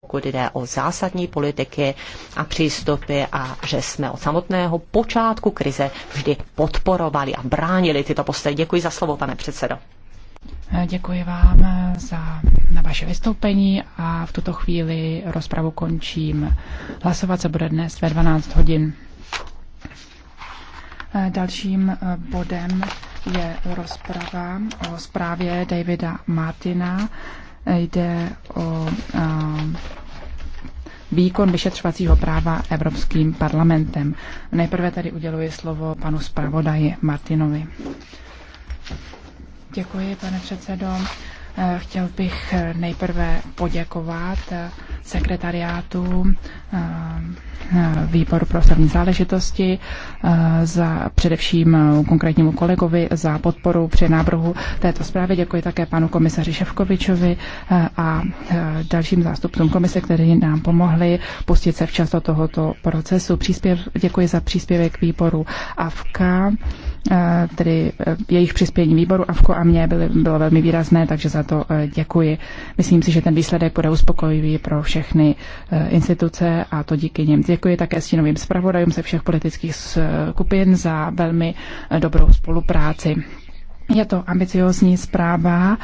pokud jde o zásadní politiky a přístupy a že jsme od samotného počátku krize vždy podporovali a bránili tyto postoje. Děkuji za slovo, pane předsedo. Děkuji vám eh, za na vaše vystoupení a v tuto chvíli rozpravu končím. Hlasovat se bude dnes ve 12 hodin. Eh, dalším eh, bodem je rozprava o zprávě Davida Martina. Jde o výkon vyšetřovacího práva Evropským parlamentem. Nejprve tady uděluji slovo panu zpravodaji Martinovi. Děkuji, pane předsedo. Eh, chtěl bych eh, nejprve poděkovat eh, sekretariátu výboru pro stavní záležitosti, za především konkrétnímu kolegovi za podporu při návrhu této zprávy. Děkuji také panu komisaři Ševkovičovi a dalším zástupcům komise, kteří nám pomohli pustit se včas do tohoto procesu. Příspěv, děkuji za příspěvek výboru AFKA. Eh, tedy eh, jejich přispění výboru AFKO a mě byly, bylo velmi výrazné, takže za to eh, děkuji. Myslím si, že ten výsledek bude uspokojivý pro všechny instituce a to díky něm. Děkuji také stínovým zpravodajům ze všech politických skupin za velmi dobrou spolupráci. Je to ambiciozní zpráva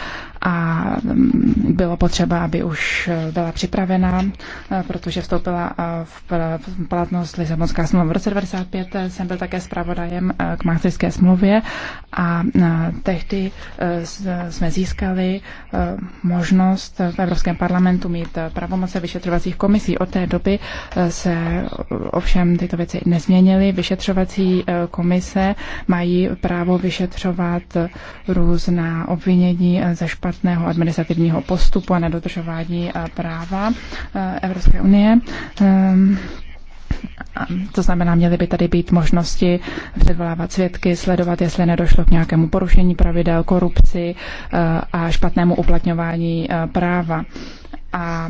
a mm, bylo potřeba, aby už eh, byla připravena, eh, protože vstoupila eh, v platnost Lisabonská smlouva. V roce 1995 jsem byl také zpravodajem k Maastrichtské smlouvě a tehdy jsme získali možnost v Evropském parlamentu mít pravomoce vyšetřovacích komisí. Od té doby se ovšem tyto věci nezměnily. Vyšetřovací komise mají právo vyšetřovat různá obvinění ze špatných špatného administrativního postupu a nedodržování eh, práva eh, Evropské unie. Ehm, to znamená, měly by tady být možnosti předvolávat svědky, sledovat, jestli nedošlo k nějakému porušení pravidel, korupci eh, a špatnému uplatňování práva. A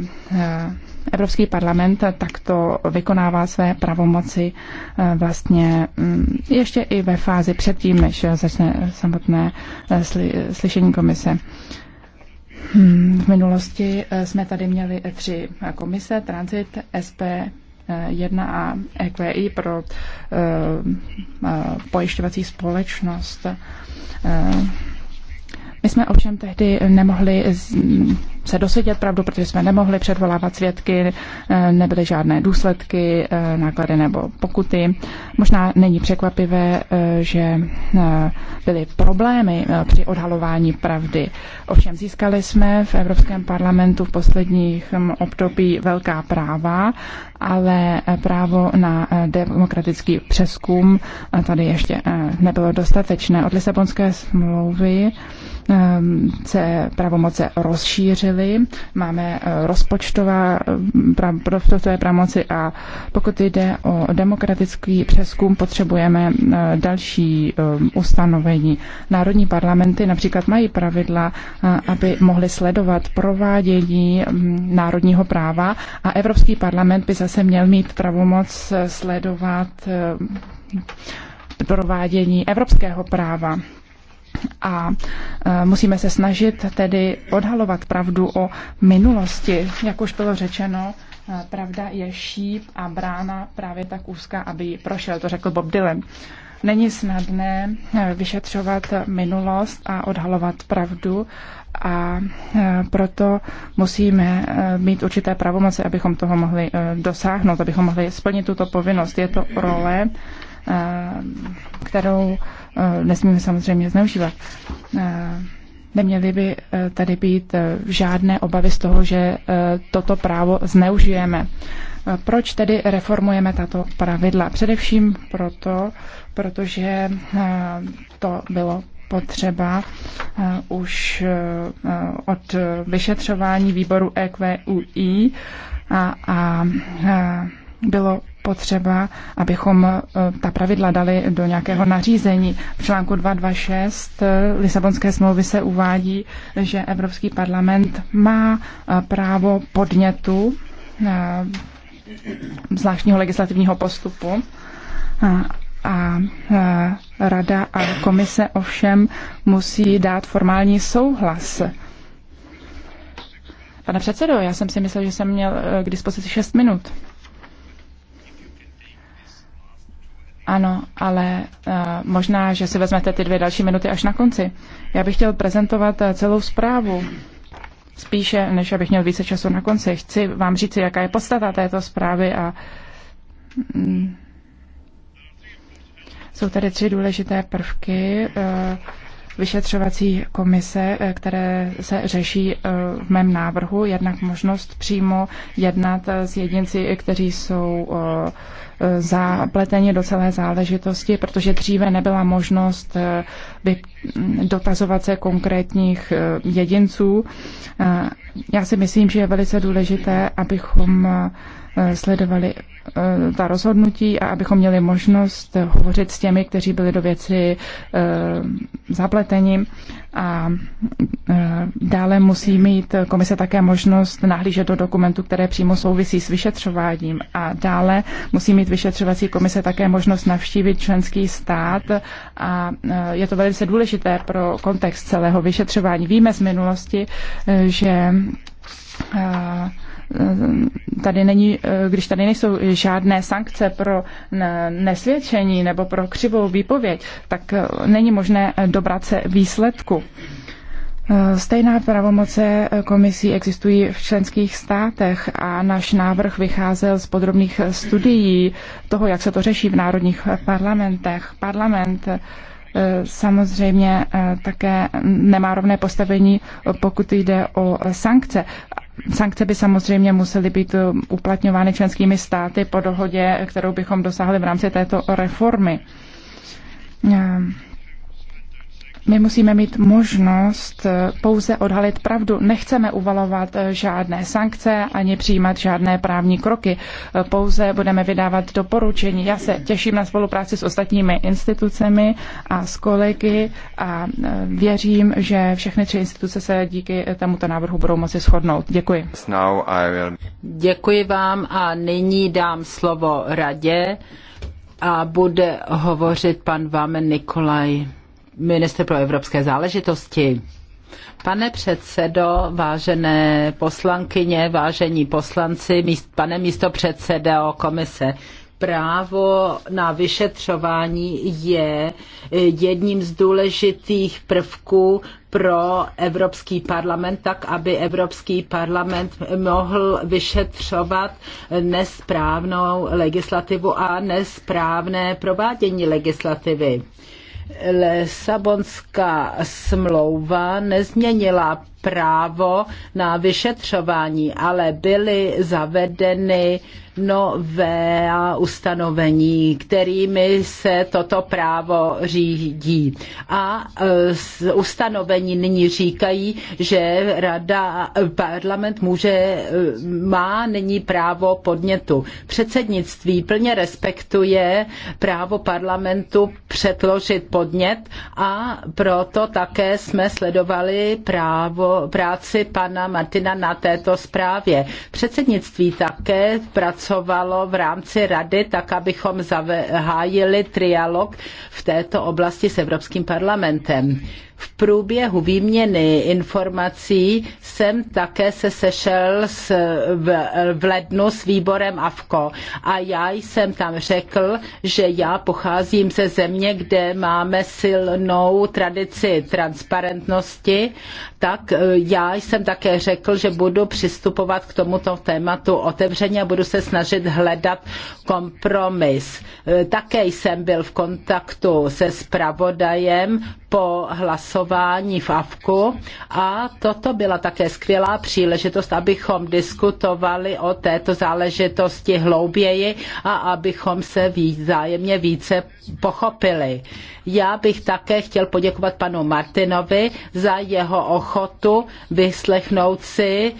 Evropský parlament takto vykonává své pravomoci vlastně mm, ještě i ve fázi předtím, než začne samotné slyšení komise. V minulosti eh, jsme tady měli tři eh, komise, Transit, SP, 1A eh, EQI pro pojišťovací společnost. My jsme ovšem tehdy nemohli se dosvědět pravdu, protože jsme nemohli předvolávat svědky, e, nebyly žádné důsledky, e, náklady nebo pokuty. Možná není překvapivé, e, že byly problémy při odhalování pravdy. Ovšem získali jsme v Evropském parlamentu v posledních období velká práva, ale právo na demokratický přeskum tady ještě nebylo dostatečné. Od Lisabonské smlouvy Ehm, se pravomoce rozšířily. Máme eh, rozpočtová ehm, rozpočtové pravomoci a pokud jde o demokratický přeskum, potřebujeme eh, další ehm, ustanovení. Národní parlamenty například mají pravidla, eh, aby mohly sledovat provádění národního práva a Evropský parlament by zase měl mít pravomoc sledovat provádění evropského práva a e, musíme se snažit tedy odhalovat pravdu o minulosti. Jak už bylo řečeno, e, pravda je šíp a brána právě tak úzká, aby ji prošel, to řekl Bob Dylan. Není snadné e, vyšetřovat minulost a odhalovat pravdu a proto musíme mít určité pravomoci, abychom toho mohli dosáhnout, abychom mohli splnit tuto povinnost. Je to role Eh, kterou eh, nesmíme samozřejmě zneužívat. Eh, neměly by tady být žádné obavy z toho, že toto právo zneužijeme. Proč tedy reformujeme tato pravidla? Především proto, protože to bylo potřeba už od vyšetřování výboru EQUI a, a bylo potřeba, abychom e, ta pravidla dali do nějakého nařízení. V článku 226 e, Lisabonské smlouvy se uvádí, že Evropský parlament má e, právo podnětu zvláštního legislativního postupu a rada a komise ovšem musí dát formální souhlas. Pane předsedo, já jsem si myslel, že jsem měl k dispozici 6 minut. Ano, ale uh, možná, že si vezmete ty dvě další minuty až na konci. Já bych chtěl prezentovat uh, celou zprávu. Spíše, než abych měl více času na konci. Chci vám říct, jaká je podstata této zprávy a mm, jsou tady tři důležité prvky. Uh, vyšetřovací komise, eh, které se řeší eh, v mém návrhu, jednak možnost přímo jednat eh, s jedinci, kteří jsou zapleteni do celé záležitosti, protože dříve nebyla možnost mm, dotazovat se konkrétních jedinců. Já si myslím, že je velice důležité, abychom Eh, sledovali eh, ta rozhodnutí a abychom měli možnost hovořit s těmi, kteří byli do věci eh, zapleteni. A dále musí mít komise také možnost nahlížet do dokumentů, které přímo souvisí s vyšetřováním. A dále musí mít vyšetřovací komise také možnost navštívit členský stát. A je to velice důležité pro kontext celého vyšetřování. Víme z minulosti, že tady není, když tady nejsou žádné sankce pro nesvědčení nebo pro křivou výpověď, tak není možné dobrat se výsledku. Stejná pravomoce komisí existují v členských státech a náš návrh vycházel z podrobných studií toho, jak se to řeší v národních parlamentech. Parlament eh, samozřejmě eh, také nemá rovné postavení, pokud jde o sankce. Sankce by samozřejmě musely být eh, uplatňovány členskými státy po dohodě, kterou bychom dosáhli v rámci této reformy. Ehm, my musíme mít možnost eh, pouze odhalit pravdu. Nechceme uvalovat eh, žádné sankce ani přijímat žádné právní kroky. Eh, pouze budeme vydávat doporučení. Já se těším na spolupráci s ostatními institucemi a s kolegy a věřím, že všechny tři instituce se díky tomuto návrhu budou moci shodnout. Děkuji. Děkuji vám a nyní dám slovo radě a bude hovořit pan Vámen Nikolaj ministr pro evropské záležitosti. Pane předsedo, vážené poslankyně, vážení poslanci, míst, pane místo předsedo komise, právo na vyšetřování je jedním z důležitých prvků pro Evropský parlament, tak aby Evropský parlament mohl vyšetřovat nesprávnou legislativu a nesprávné provádění legislativy. Lisabonská smlouva nezměnila právo na vyšetřování, ale byly zavedeny nové ustanovení, kterými se toto právo řídí. A e, ustanovení nyní říkají, že rada, e, parlament může, e, má nyní právo podnětu. Předsednictví plně respektuje právo parlamentu předložit podnět a proto také jsme sledovali právo, práci pana Martina na této zprávě. Předsednictví také pracuje pracovalo v rámci rady, tak abychom zahájili trialog v této oblasti s Evropským parlamentem. V průběhu výměny informací jsem také se sešel s, v, v lednu s výborem AFKO a já jsem tam řekl, že já pocházím ze země, kde máme silnou tradici transparentnosti, tak e, já jsem také řekl, že budu přistupovat k tomuto tématu otevřeně a budu se snažit hledat kompromis. E, také jsem byl v kontaktu se spravodajem po hlasování hlasování v AVKu a toto byla také skvělá příležitost, abychom diskutovali o této záležitosti hlouběji a abychom se vzájemně více pochopili. Já bych také chtěl poděkovat panu Martinovi za jeho ochotu vyslechnout si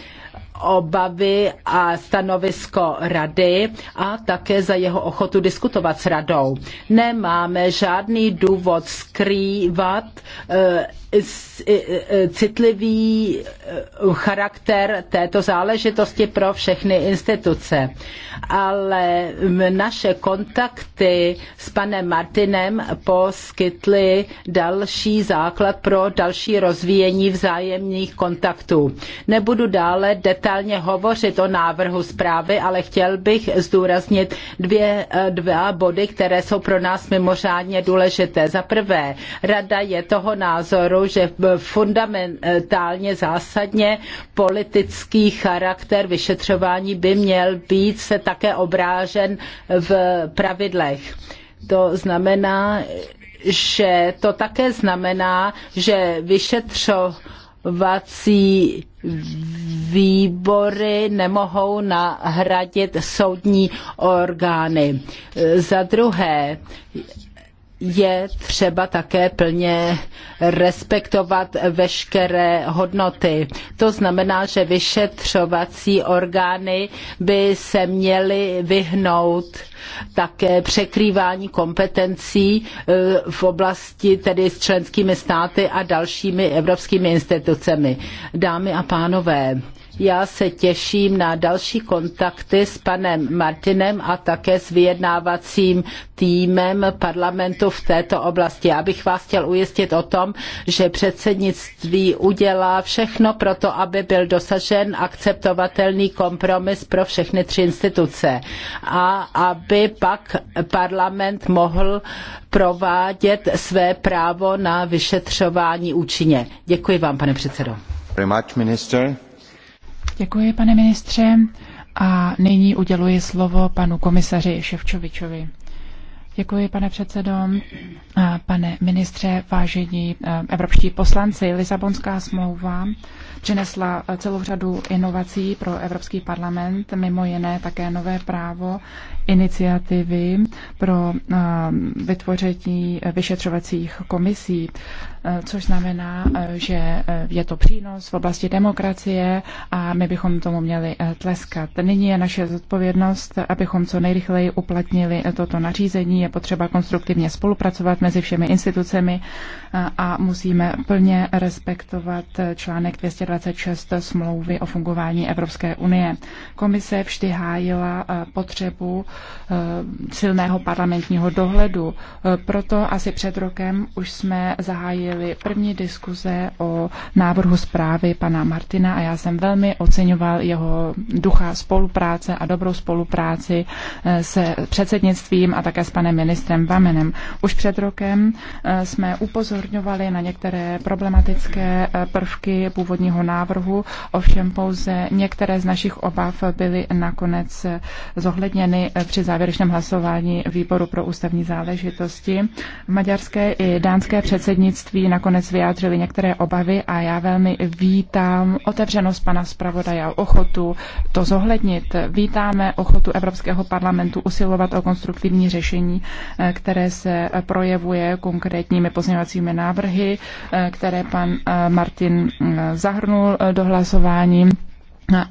obavy a stanovisko rady a také za jeho ochotu diskutovat s radou. Nemáme žádný důvod skrývat eh, E, citlivý e, charakter této záležitosti pro všechny instituce. Ale naše kontakty s panem Martinem poskytly další základ pro další rozvíjení vzájemných kontaktů. Nebudu dále detailně hovořit o návrhu zprávy, ale chtěl bych zdůraznit dvě, e, dva body, které jsou pro nás mimořádně důležité. Za prvé, Rada je toho názoru, že fundamentálně zásadně politický charakter vyšetřování by měl být se také obrážen v pravidlech. To znamená, že to také znamená, že vyšetřovací výbory nemohou nahradit soudní orgány. Za druhé, je třeba také plně respektovat veškeré hodnoty. To znamená, že vyšetřovací orgány by se měly vyhnout také překrývání kompetencí e, v oblasti tedy s členskými státy a dalšími evropskými institucemi. Dámy a pánové, já se těším na další kontakty s panem Martinem a také s vyjednávacím týmem parlamentu v této oblasti. Já bych vás chtěl ujistit o tom, že předsednictví udělá všechno pro to, aby byl dosažen akceptovatelný kompromis pro všechny tři instituce a aby pak parlament mohl provádět své právo na vyšetřování účinně. Děkuji vám, pane předsedo. Very much, minister. Děkuji, pane ministře. A nyní uděluji slovo panu komisaři Ševčovičovi. Děkuji, pane předsedo. Pane ministře, vážení evropští poslanci, Lisabonská smlouva přinesla celou řadu inovací pro Evropský parlament, mimo jiné také nové právo iniciativy pro eh, vytvoření vyšetřovacích komisí, eh, což znamená, eh, že je to přínos v oblasti demokracie a my bychom tomu měli tleskat. Nyní je naše zodpovědnost, abychom co nejrychleji uplatnili toto nařízení. Je potřeba konstruktivně spolupracovat mezi všemi institucemi a musíme plně respektovat článek 220 26 smlouvy o fungování Evropské unie. Komise vždy hájila eh, potřebu eh, silného parlamentního dohledu. Eh, proto asi před rokem už jsme zahájili první diskuze o návrhu zprávy pana Martina a já jsem velmi oceňoval jeho ducha spolupráce a dobrou spolupráci se předsednictvím a také s panem ministrem Vamenem. Už před rokem jsme upozorňovali na některé problematické prvky původního návrhu, ovšem pouze některé z našich obav byly nakonec zohledněny při závěrečném hlasování výboru pro ústavní záležitosti. Maďarské i dánské předsednictví nakonec vyjádřili některé obavy a já velmi vítám otevřenost pana zpravodaje a ochotu to zohlednit. Vítáme ochotu Evropského parlamentu usilovat o konstruktivní řešení, které se projevuje konkrétními pozměňovacími návrhy, které pan eh, Martin eh, zahrnul zahrnul eh, do hlasování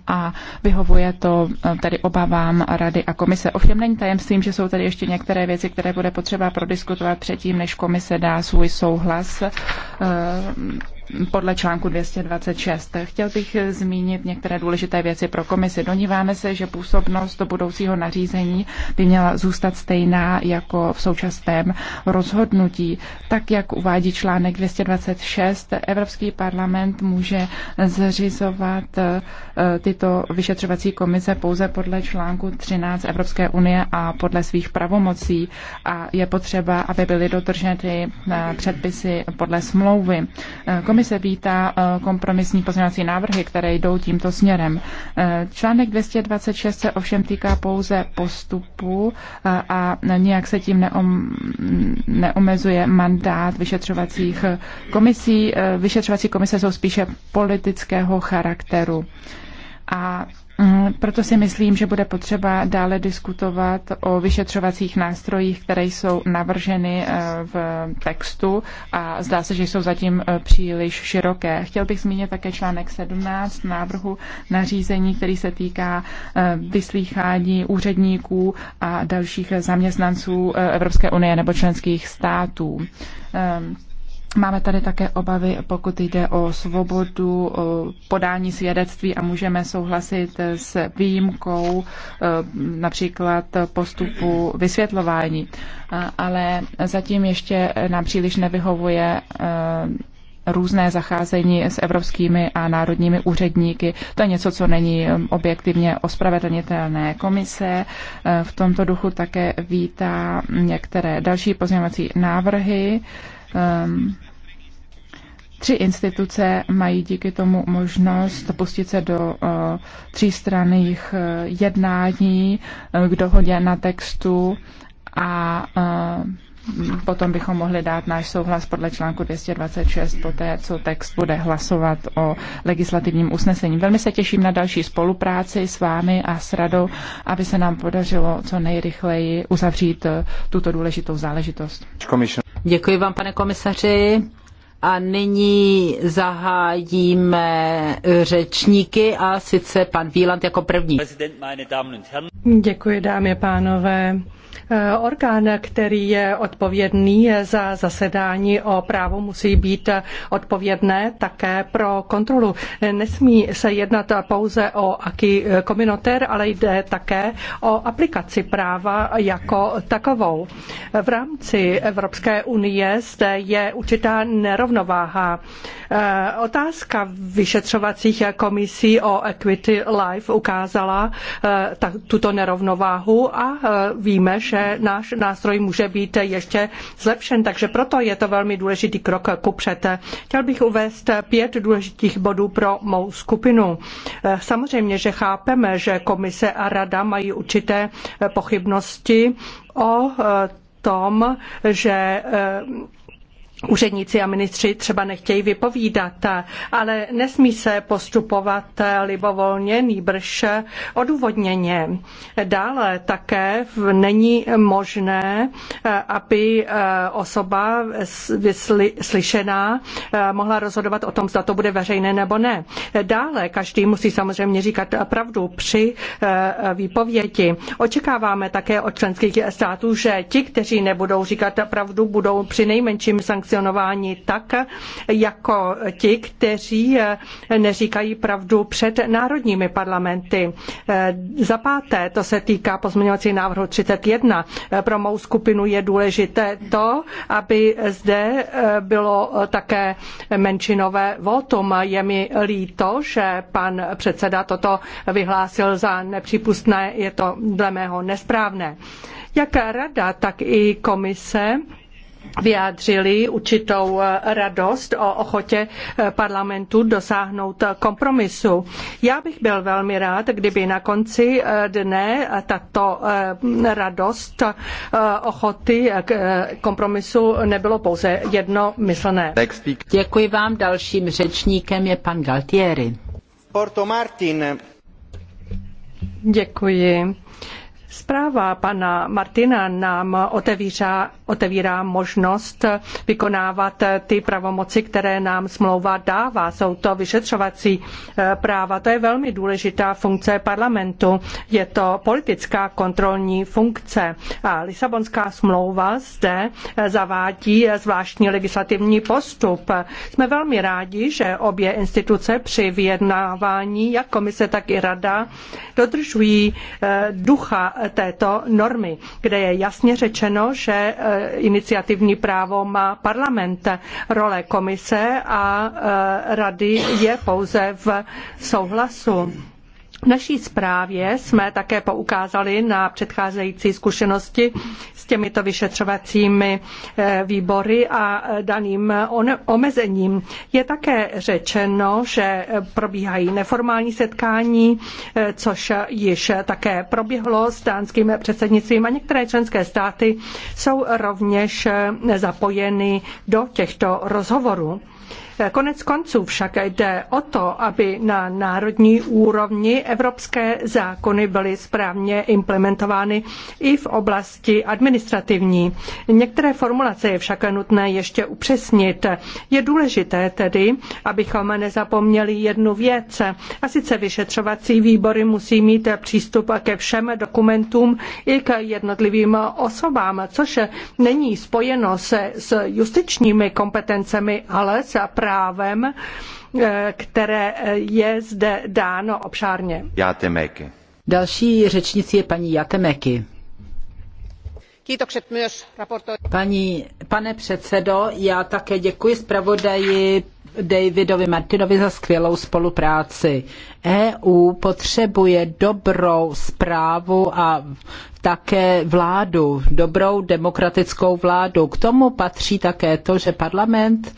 a vyhovuje to eh, tady obavám rady a komise. Ovšem není tajemstvím, že jsou tady ještě některé věci, které bude potřeba prodiskutovat předtím, než komise dá svůj souhlas eh, podle článku 226. Chtěl bych zmínit některé důležité věci pro komisi. Doníváme se, že působnost do budoucího nařízení by měla zůstat stejná jako v současném rozhodnutí. Tak, jak uvádí článek 226, Evropský parlament může zřizovat eh, tyto vyšetřovací komise pouze podle článku 13 Evropské unie a podle svých pravomocí a je potřeba, aby byly dodrženy eh, předpisy podle smlouvy. Komise eh, Komise vítá eh, kompromisní pozměňovací návrhy, které jdou tímto směrem. Eh, článek 226 se ovšem týká pouze postupu eh, a nijak se tím neom, neomezuje mandát vyšetřovacích komisí. Vyšetřovací komise jsou spíše politického charakteru. A Eh, proto si myslím, že bude potřeba dále diskutovat o vyšetřovacích nástrojích, které jsou navrženy eh, v textu a zdá se, že jsou zatím eh, příliš široké. Chtěl bych zmínit také článek 17 návrhu nařízení, který se týká vyslýchání úředníků a dalších zaměstnanců Evropské unie nebo členských států ehm, Máme tady také obavy, pokud jde o svobodu o podání svědectví a můžeme souhlasit s výjimkou eh, například postupu vysvětlování. Ale zatím ještě nám příliš nevyhovuje eh, různé zacházení s evropskými a národními úředníky. To je něco, co není eh, objektivně ospravedlnitelné. Komise v tomto duchu také vítá některé další pozměňovací návrhy Ehm, tři instituce mají díky tomu možnost pustit se do eh, třístranných eh, jednání eh, k dohodě na textu a potom bychom mohli dát náš souhlas podle článku 226 poté, co text bude hlasovat o legislativním usnesení. Velmi se těším na další spolupráci s vámi a s radou, aby se nám podařilo co nejrychleji uzavřít tuto důležitou záležitost. Děkuji vám, pane komisaři. A nyní zahájíme řečníky a sice pan Víland jako první. Děkuji, dámy a pánové. Eh, orgán, který je odpovědný za zasedání o právu, musí být odpovědné také pro kontrolu. Nesmí se jednat pouze o aký kominoter, ale jde také o aplikaci práva jako takovou. V rámci Evropské unie zde je určitá nerovnováha. Eh, otázka vyšetřovacích komisí o Equity Life ukázala eh, tuto nerovnováhu a víme, že náš nástroj může být ještě zlepšen, takže proto je to velmi důležitý krok kupředu. Chtěl bych uvést pět důležitých bodů pro mou skupinu. Samozřejmě, že chápeme, že komise a rada mají určité pochybnosti o tom, že úředníci a ministři třeba nechtějí vypovídat, ale nesmí se postupovat libovolně, nýbrž odůvodněně. Dále také není možné, aby eh, osoba slyšená eh, mohla rozhodovat o tom, zda to bude veřejné nebo ne. Dále každý musí samozřejmě říkat pravdu při eh, výpovědi. Očekáváme také od členských států, že ti, kteří nebudou říkat pravdu, budou při nejmenším sankci sankcionováni tak, jako ti, kteří eh, neříkají pravdu před národními parlamenty. Eh, za páté, to se týká pozměňovací návrhu 31. Eh, pro mou skupinu je důležité to, aby zde bylo také menšinové votum. Je mi líto, že pan předseda toto vyhlásil za nepřípustné, je to dle mého nesprávné. Jak rada, tak i komise vyjádřili určitou eh, radost o ochotě eh, parlamentu dosáhnout eh, kompromisu. Já bych byl velmi rád, kdyby na konci dne tato radost ochoty k kompromisu nebylo pouze jednomyslné. Děkuji vám. Dalším řečníkem je pan Galtieri. Porto Martin. Děkuji. Zpráva pana Martina nám otevírá, otevírá možnost vykonávat ty pravomoci, které nám smlouva dává. Jsou to vyšetřovací eh, práva. To je velmi důležitá funkce parlamentu. Je to politická kontrolní funkce. A Lisabonská smlouva zde eh, zavádí zvláštní legislativní postup. Jsme velmi rádi, že obě instituce při vyjednávání, jak komise, tak i rada, dodržují eh, ducha této normy, kde je jasně řečeno, že eh, iniciativní právo má parlament. Role komise a eh, rady je pouze v souhlasu v naší zprávě jsme také poukázali na předcházející zkušenosti s těmito vyšetřovacími eh, výbory a eh, daným omezením. Je také řečeno, že eh, probíhají neformální setkání, což již také proběhlo s dánským předsednictvím a některé členské státy jsou rovněž zapojeny do těchto rozhovorů. Konec konců však jde o to, aby na národní úrovni evropské zákony byly správně implementovány i v oblasti administrativní. Některé formulace je však nutné ještě upřesnit. Je důležité tedy, abychom nezapomněli jednu věc. A sice vyšetřovací výbory musí mít přístup ke všem dokumentům i k jednotlivým osobám, což není spojeno se s justičními kompetencemi, ale s právem, eh, které eh, je zde dáno obšárně. Játemeky. Další řečnicí je paní Jatemeky. Paní, pane předsedo, já také děkuji zpravodaji Davidovi Martinovi za skvělou spolupráci. EU potřebuje dobrou správu a také vládu, dobrou demokratickou vládu. K tomu patří také to, že parlament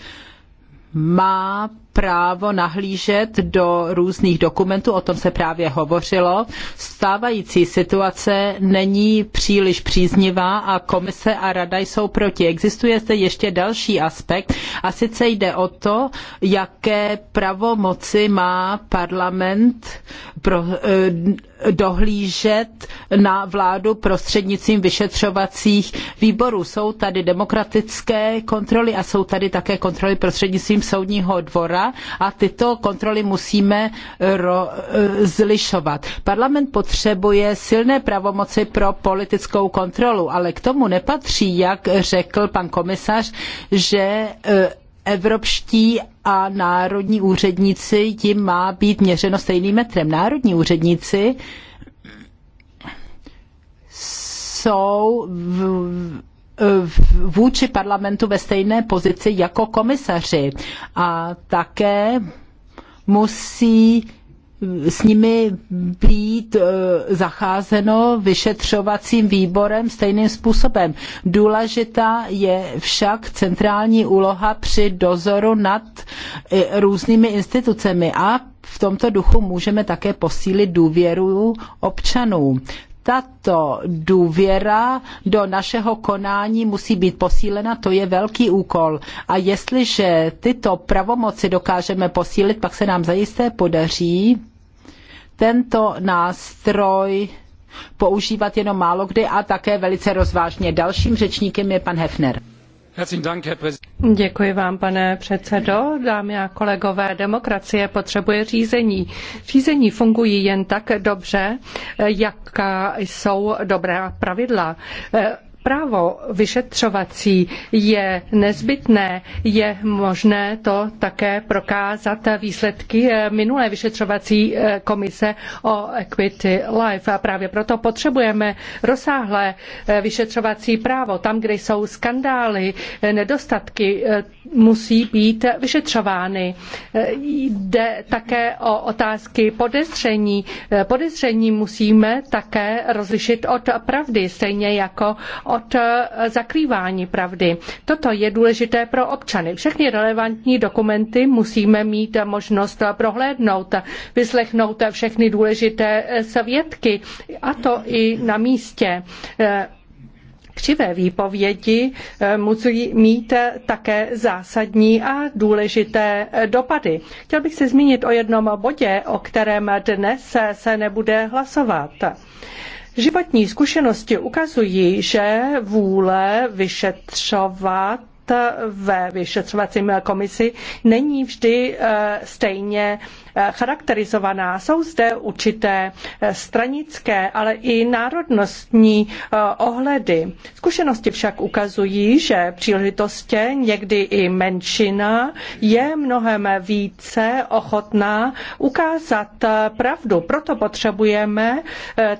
má právo nahlížet do různých dokumentů, o tom se právě hovořilo. Stávající situace není příliš příznivá a komise a rada jsou proti. Existuje zde ještě další aspekt a sice jde o to, jaké pravomoci má parlament pro, eh, dohlížet na vládu prostřednictvím vyšetřovacích výborů. Jsou tady demokratické kontroly a jsou tady také kontroly prostřednictvím soudního dvora a tyto kontroly musíme rozlišovat. Parlament potřebuje silné pravomoci pro politickou kontrolu, ale k tomu nepatří, jak řekl pan komisař, že eh, evropští a národní úředníci jim má být měřeno stejným metrem. Národní úředníci jsou v vůči parlamentu ve stejné pozici jako komisaři a také musí s nimi být e, zacházeno vyšetřovacím výborem stejným způsobem. Důležitá je však centrální úloha při dozoru nad e, různými institucemi a v tomto duchu můžeme také posílit důvěru občanů tato důvěra do našeho konání musí být posílena, to je velký úkol. A jestliže tyto pravomoci dokážeme posílit, pak se nám zajisté podaří tento nástroj používat jenom málo kdy a také velice rozvážně. Dalším řečníkem je pan Hefner. Děkuji vám, pane předsedo. Dámy a kolegové, demokracie potřebuje řízení. Řízení fungují jen tak dobře, jaká jsou dobrá pravidla právo vyšetřovací je nezbytné, je možné to také prokázat výsledky eh, minulé vyšetřovací eh, komise o Equity Life. A právě proto potřebujeme rozsáhlé eh, vyšetřovací právo. Tam, kde jsou skandály, nedostatky, musí být vyšetřovány. Jde také o otázky podezření. Podezření musíme také rozlišit od pravdy, stejně jako od eh, zakrývání pravdy. Toto je důležité pro občany. Všechny relevantní dokumenty musíme mít možnost prohlédnout, vyslechnout všechny důležité eh, svědky, a to i na místě eh, křivé výpovědi musí mít také zásadní a důležité dopady. Chtěl bych se zmínit o jednom bodě, o kterém dnes se nebude hlasovat. Životní zkušenosti ukazují, že vůle vyšetřovat Eh, ve vyšetřovacím komisi není vždy eh, stejně eh, charakterizovaná. Jsou zde určité stranické, ale i národnostní ohledy. Zkušenosti však ukazují, že příležitostě někdy i menšina je mnohem více ochotná ukázat pravdu. Proto potřebujeme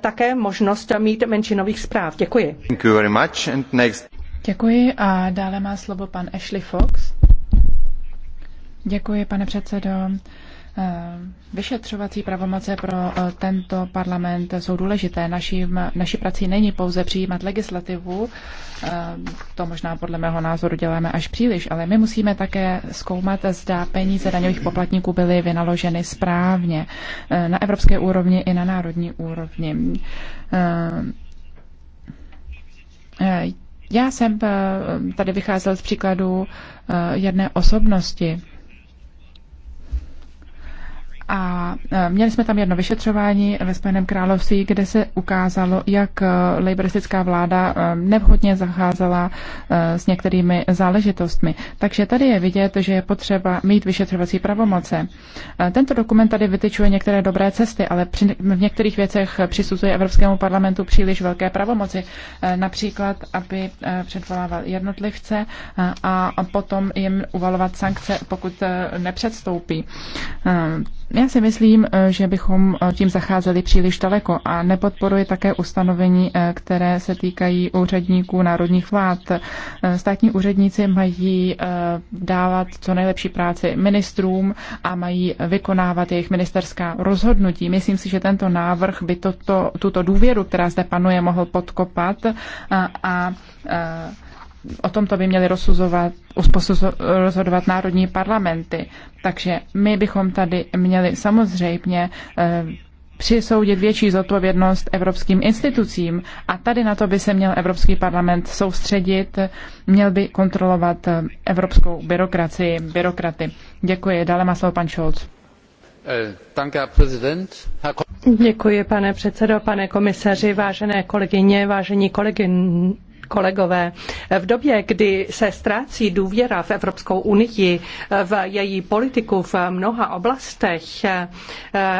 také možnost mít menšinových zpráv. Děkuji. Thank you very much. And next. Děkuji a dále má slovo pan Ashley Fox. Děkuji, pane předsedo. Eh, vyšetřovací pravomoce pro eh, tento parlament jsou důležité. Naším, naší prací není pouze přijímat legislativu, eh, to možná podle mého názoru děláme až příliš, ale my musíme také zkoumat, zda peníze daňových poplatníků byly vynaloženy správně na evropské úrovni i na národní úrovni. Já jsem eh, tady vycházel z příkladu eh, jedné osobnosti. A e, měli jsme tam jedno vyšetřování ve Spojeném království, kde se ukázalo, jak e, laboristická vláda e, nevhodně zacházela s některými záležitostmi. Takže tady je vidět, že je potřeba mít vyšetřovací pravomoce. Tento dokument tady vytyčuje některé dobré cesty, ale při, v některých věcech přisuzuje Evropskému parlamentu příliš velké pravomoci. Například, aby předvolával jednotlivce a potom jim uvalovat sankce, pokud nepředstoupí já si myslím, eh, že bychom eh, tím zacházeli příliš daleko a nepodporuji také ustanovení, eh, které se týkají úředníků národních vlád. Státní úředníci mají dávat co nejlepší práci ministrům a mají vykonávat jejich ministerská rozhodnutí. Myslím si, že tento návrh by toto, tuto důvěru, která zde panuje, mohl podkopat a, a o tomto by měly rozsuzovat, rozhodovat národní parlamenty. Takže my bychom tady měli samozřejmě eh, přisoudit větší zodpovědnost evropským institucím a tady na to by se měl Evropský parlament soustředit, měl by kontrolovat eh, evropskou byrokracii, byrokraty. Děkuji. Dále má slovo pan Scholz. Děkuji, pane předsedo, pane komisaři, vážené kolegyně, vážení kolegy kolegové, v době, kdy se ztrácí důvěra v Evropskou unii, v její politiku v mnoha oblastech eh,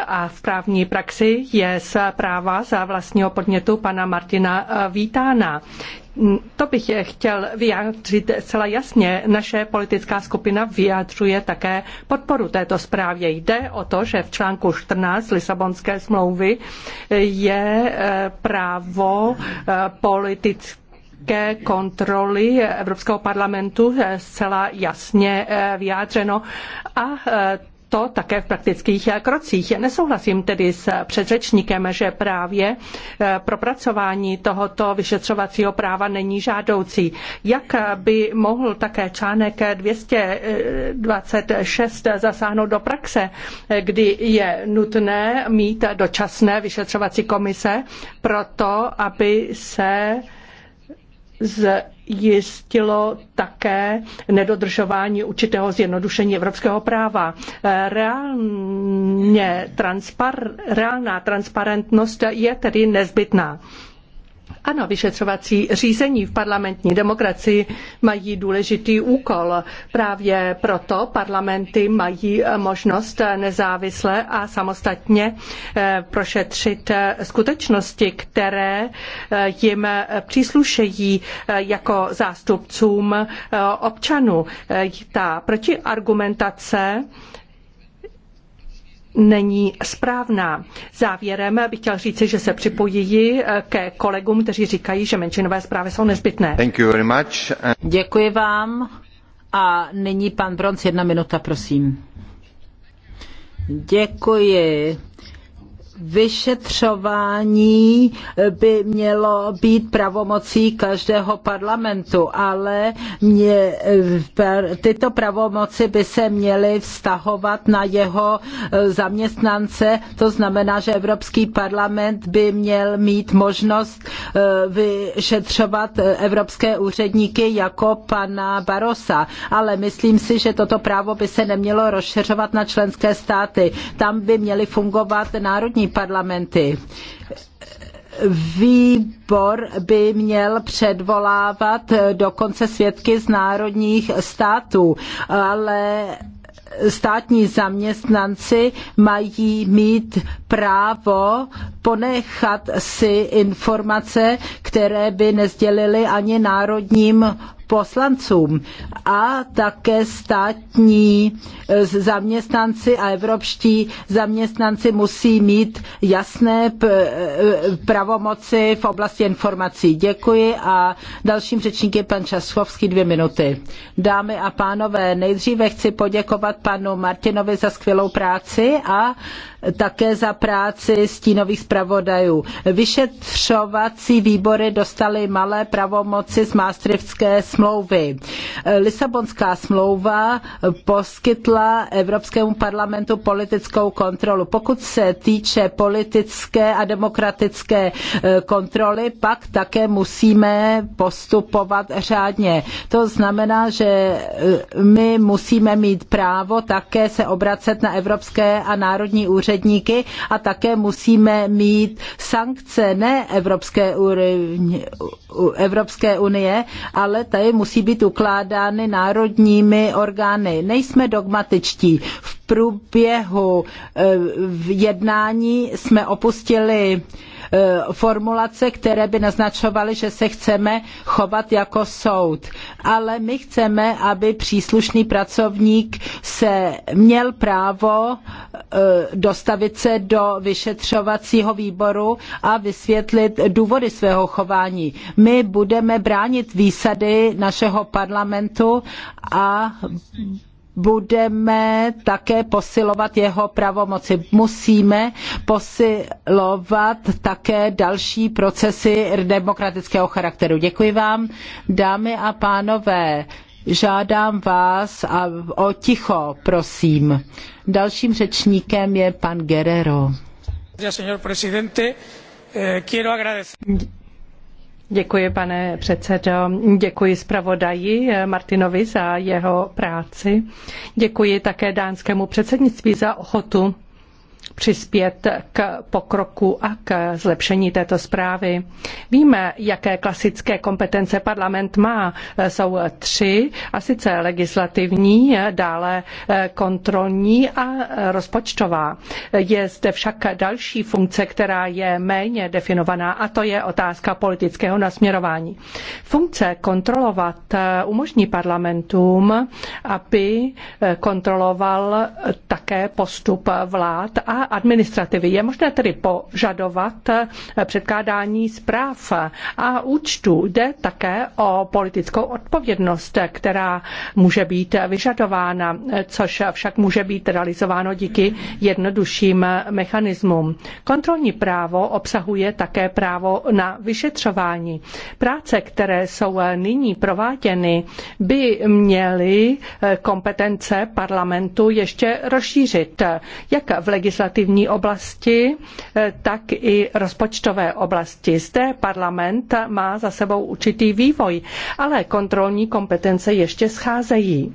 a v právní praxi, je zpráva za vlastního podnětu pana Martina eh, Vítána. To bych chtěl vyjádřit celá jasně. Naše politická skupina vyjadřuje také podporu této zprávě. Jde o to, že v článku 14 Lisabonské smlouvy je eh, právo politické politické kontroly Evropského parlamentu eh, zcela jasně eh, vyjádřeno a eh, to také v praktických krocích. Nesouhlasím tedy s předřečníkem, že právě propracování tohoto vyšetřovacího práva není žádoucí. Jak by mohl také článek 226 zasáhnout do praxe, kdy je nutné mít dočasné vyšetřovací komise proto, aby se zjistilo také nedodržování určitého zjednodušení evropského práva. Reálně transpar, reálná transparentnost je tedy nezbytná. Ano, vyšetřovací řízení v parlamentní demokracii mají důležitý úkol. Právě proto parlamenty mají eh, možnost eh, nezávisle a samostatně eh, prošetřit skutečnosti, které jim příslušejí jako zástupcům občanů. Ta protiargumentace není správná. Závěrem bych chtěl říci, že se připojí eh, ke kolegům, kteří říkají, že menšinové zprávy jsou nezbytné. Thank you very much. Děkuji vám. A nyní pan Bronc, jedna minuta, prosím. Děkuji vyšetřování eh, by mělo být pravomocí každého parlamentu, ale mě, eh, tyto pravomoci by se měly vztahovat na jeho eh, zaměstnance. To znamená, že Evropský parlament by měl mít možnost vyšetřovat evropské úředníky jako pana Barosa. Ale myslím si, že toto právo by se nemělo rozšiřovat na členské státy. Tam by měly fungovat národní národní parlamenty výbor by měl předvolávat dokonce svědky z národních států, ale státní zaměstnanci mají mít právo ponechat si informace, které by nezdělili ani národním poslancům a také státní e, zaměstnanci a evropští zaměstnanci musí mít jasné e, pravomoci v oblasti informací. Děkuji a dalším řečníkem je pan Časovský dvě minuty. Dámy a pánové, nejdříve chci poděkovat panu Martinovi za skvělou práci a také za práci stínových zpravodajů. Vyšetřovací výbory dostaly malé pravomoci z Maastrichtské smlouvy smlouvy. Lisabonská smlouva poskytla Evropskému parlamentu politickou kontrolu. Pokud se týče politické a demokratické e, kontroly, pak také musíme postupovat řádně. To znamená, že e, my musíme mít právo také se obracet na evropské a národní úředníky a také musíme mít sankce ne Evropské, Evropské unie, ale tady kontroly musí být ukládány národními orgány. Nejsme dogmatičtí. V průběhu eh, jednání jsme opustili Eh, formulace, které by naznačovaly, že se chceme chovat jako soud. Ale my chceme, aby příslušný pracovník se měl právo eh, dostavit se do vyšetřovacího výboru a vysvětlit důvody svého chování. My budeme bránit výsady našeho parlamentu a budeme také posilovat jeho pravomoci. Musíme posilovat také další procesy demokratického charakteru. Děkuji vám, dámy a pánové. Žádám vás a o ticho, prosím. Dalším řečníkem je pan Guerrero. Señor presidente, eh, quiero agradecer. Děkuji, pane předsedo. Děkuji zpravodaji eh, Martinovi za jeho práci. Děkuji také dánskému předsednictví za ochotu přispět k pokroku a k zlepšení této zprávy. Víme, jaké klasické kompetence parlament má. Jsou tři, a sice legislativní, dále kontrolní a rozpočtová. Je zde však další funkce, která je méně definovaná, a to je otázka politického nasměrování. Funkce kontrolovat umožní parlamentům, aby kontroloval také postup vlád a administrativy. Je možné tedy požadovat eh, předkládání zpráv a účtu. Jde také o politickou odpovědnost, která může být vyžadována, což však může být realizováno díky jednodušším mechanismům. Kontrolní právo obsahuje také právo na vyšetřování. Práce, které jsou nyní prováděny, by měly kompetence parlamentu ještě rozšířit, jak v legislativě, legislativní oblasti, eh, tak i rozpočtové oblasti. Zde parlament má za sebou určitý vývoj, ale kontrolní kompetence ještě scházejí.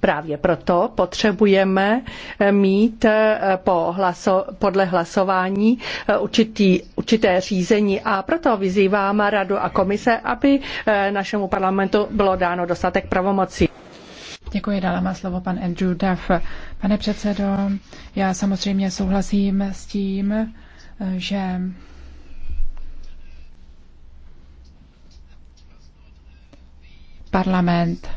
Právě proto potřebujeme eh, mít eh, po hlaso, podle hlasování určitý, určité řízení a proto vyzývám radu a komise, aby našemu parlamentu bylo dáno dostatek pravomocí. Děkuji, dala má slovo pan Andrew Duff. Pane předsedo, já samozřejmě souhlasím s tím, že parlament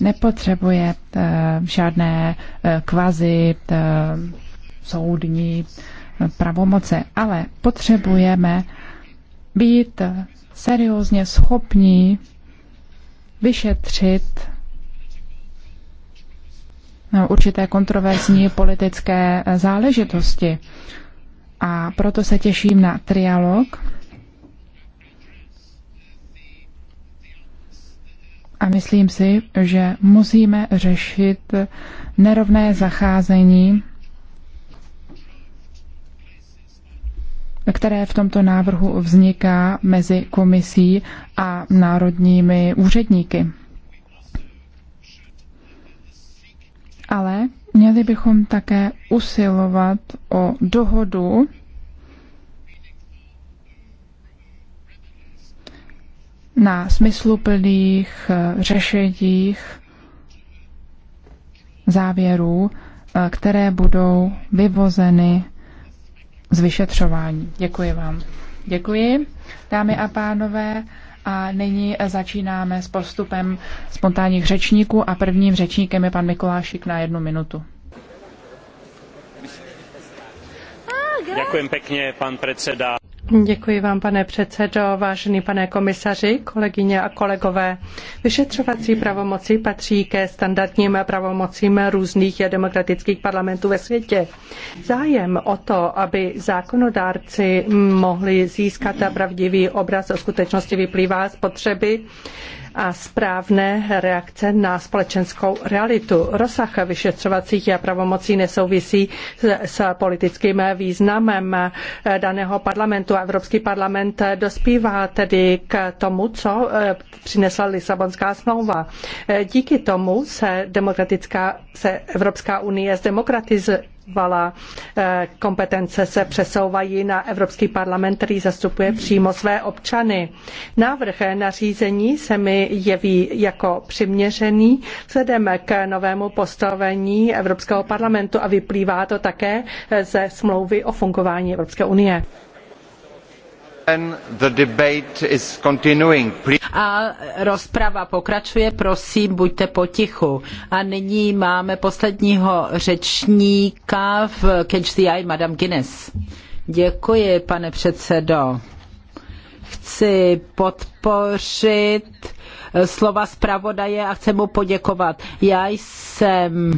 nepotřebuje eh, žádné eh, kvazi eh, soudní pravomoce, ale potřebujeme být seriózně schopní vyšetřit no, určité kontroverzní politické eh, záležitosti. A proto se těším na trialog. A myslím si, že musíme řešit nerovné zacházení které v tomto návrhu vzniká mezi komisí a národními úředníky. Ale měli bychom také usilovat o dohodu na smysluplných eh, řešeních závěrů, eh, které budou vyvozeny z vyšetřování. Děkuji vám. Děkuji, dámy a pánové. A nyní začínáme s postupem spontánních řečníků a prvním řečníkem je pan Mikulášik na jednu minutu. Děkuji pěkně, pan předseda Děkuji vám, pane předsedo, vážený pane komisaři, kolegyně a kolegové. Vyšetřovací pravomoci patří ke standardním pravomocím různých demokratických parlamentů ve světě. Zájem o to, aby zákonodárci mohli získat pravdivý obraz o skutečnosti, vyplývá z potřeby a správné reakce na společenskou realitu. Rozsah vyšetřovacích pravomocí nesouvisí s, politickým významem daného parlamentu. Evropský parlament dospívá tedy k tomu, co eh, přinesla Lisabonská smlouva. Eh, díky tomu se demokratická se Evropská unie zdemokratizuje zmiňovala, eh, kompetence se přesouvají na Evropský parlament, který zastupuje přímo své občany. Návrh nařízení se mi jeví jako přiměřený vzhledem k novému postavení Evropského parlamentu a vyplývá to také ze smlouvy o fungování Evropské unie. A rozprava pokračuje, prosím, buďte potichu. A nyní máme posledního řečníka v Catch Madame Guinness. Děkuji, pane předsedo. Chci podpořit slova zpravodaje a chci mu poděkovat. Já jsem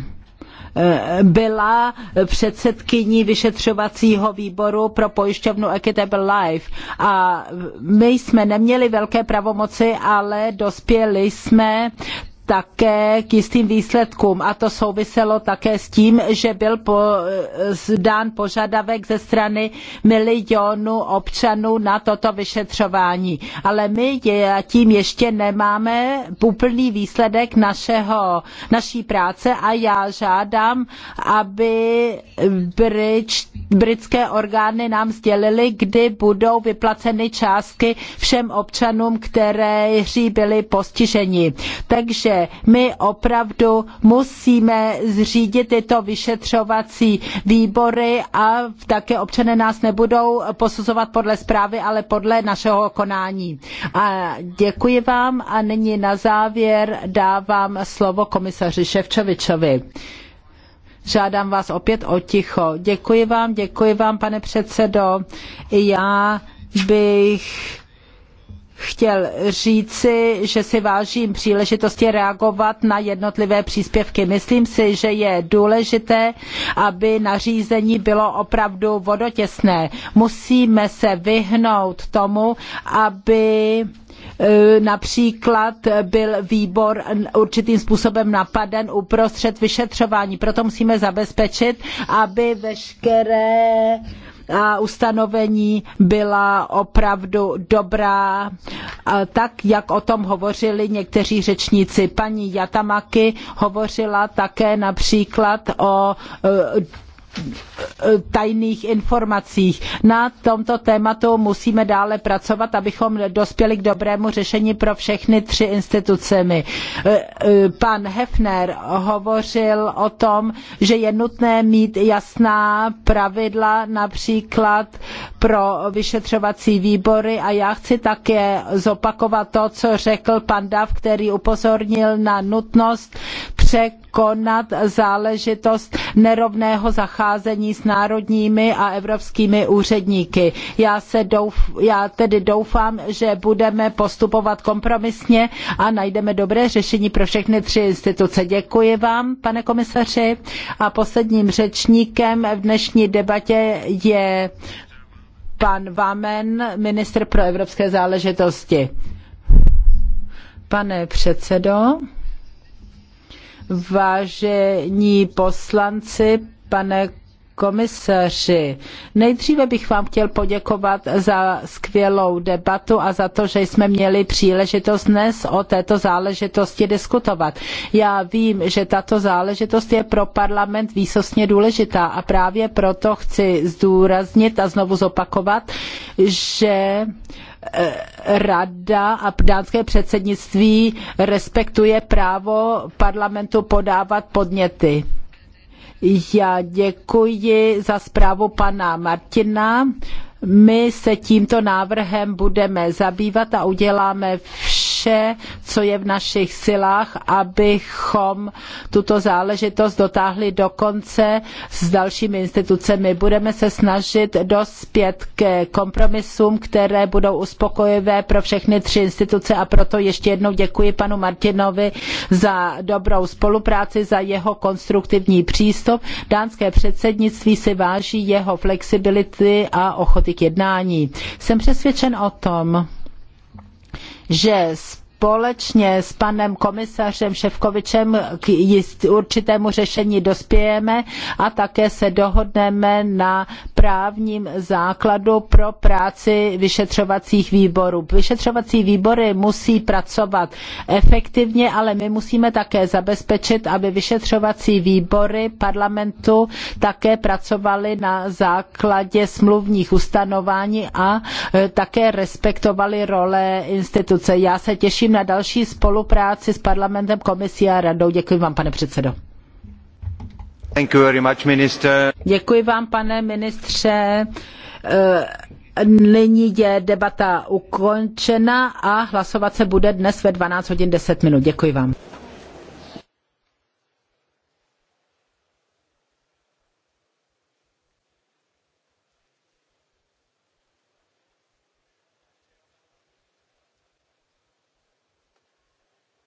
byla předsedkyní vyšetřovacího výboru pro pojišťovnu Equitable Life a my jsme neměli velké pravomoci, ale dospěli jsme také k jistým výsledkům a to souviselo také s tím, že byl po, dán požadavek ze strany milionu občanů na toto vyšetřování. Ale my tím ještě nemáme úplný výsledek našeho, naší práce a já žádám, aby bryč, britské orgány nám sdělily, kdy budou vyplaceny částky všem občanům, kteří byli postiženi. Takže my opravdu musíme zřídit tyto vyšetřovací výbory a také občané nás nebudou posuzovat podle zprávy, ale podle našeho konání. A děkuji vám a nyní na závěr dávám slovo komisaři Ševčovičovi. Žádám vás opět o ticho. Děkuji vám, děkuji vám, pane předsedo. Já bych chtěl říci, že si vážím příležitosti reagovat na jednotlivé příspěvky. Myslím si, že je důležité, aby nařízení bylo opravdu vodotěsné. Musíme se vyhnout tomu, aby e, například byl výbor určitým způsobem napaden uprostřed vyšetřování. Proto musíme zabezpečit, aby veškeré ustanovení byla opravdu dobrá, tak jak o tom hovořili někteří řečníci. Paní Jatamaky hovořila také například o e, tajných informacích. Na tomto tématu musíme dále pracovat, abychom dospěli k dobrému řešení pro všechny tři institucemi. Eh, eh, pan Hefner hovořil o tom, že je nutné mít jasná pravidla například pro vyšetřovací výbory a já chci také zopakovat to, co řekl pan Dav, který upozornil na nutnost překonat záležitost nerovného zacházení s národními a evropskými úředníky. Já, se douf, já tedy doufám, že budeme postupovat kompromisně a najdeme dobré řešení pro všechny tři instituce. Děkuji vám, pane komisaři. A posledním řečníkem v dnešní debatě je pan Vamen, ministr pro evropské záležitosti. Pane předsedo, vážení poslanci, pane komisaři. Nejdříve bych vám chtěl poděkovat za skvělou debatu a za to, že jsme měli příležitost dnes o této záležitosti diskutovat. Já vím, že tato záležitost je pro parlament výsostně důležitá a právě proto chci zdůraznit a znovu zopakovat, že Eh, rada a dánské předsednictví respektuje právo parlamentu podávat podněty. Já děkuji za zprávu pana Martina. My se tímto návrhem budeme zabývat a uděláme vše, vše, co je v našich silách, abychom tuto záležitost dotáhli do konce s dalšími institucemi. Budeme se snažit dospět k kompromisům, které budou uspokojivé pro všechny tři instituce a proto ještě jednou děkuji panu Martinovi za dobrou spolupráci, za jeho konstruktivní přístup. Dánské předsednictví si váží jeho flexibility a ochoty k jednání. Jsem přesvědčen o tom, že z společně s panem komisařem Ševkovičem k určitému řešení dospějeme a také se dohodneme na právním základu pro práci vyšetřovacích výborů. Vyšetřovací výbory musí pracovat efektivně, ale my musíme také zabezpečit, aby vyšetřovací výbory parlamentu také pracovaly na základě smluvních ustanovení a e, také respektovaly role instituce. Já se těším těším na další spolupráci s parlamentem, komisí a radou. Děkuji vám, pane předsedo. Thank you very much, minister. Děkuji vám, pane ministře. Eh, nyní je debata ukončena a hlasovat se bude dnes ve 12 hodin 10 minut. Děkuji vám.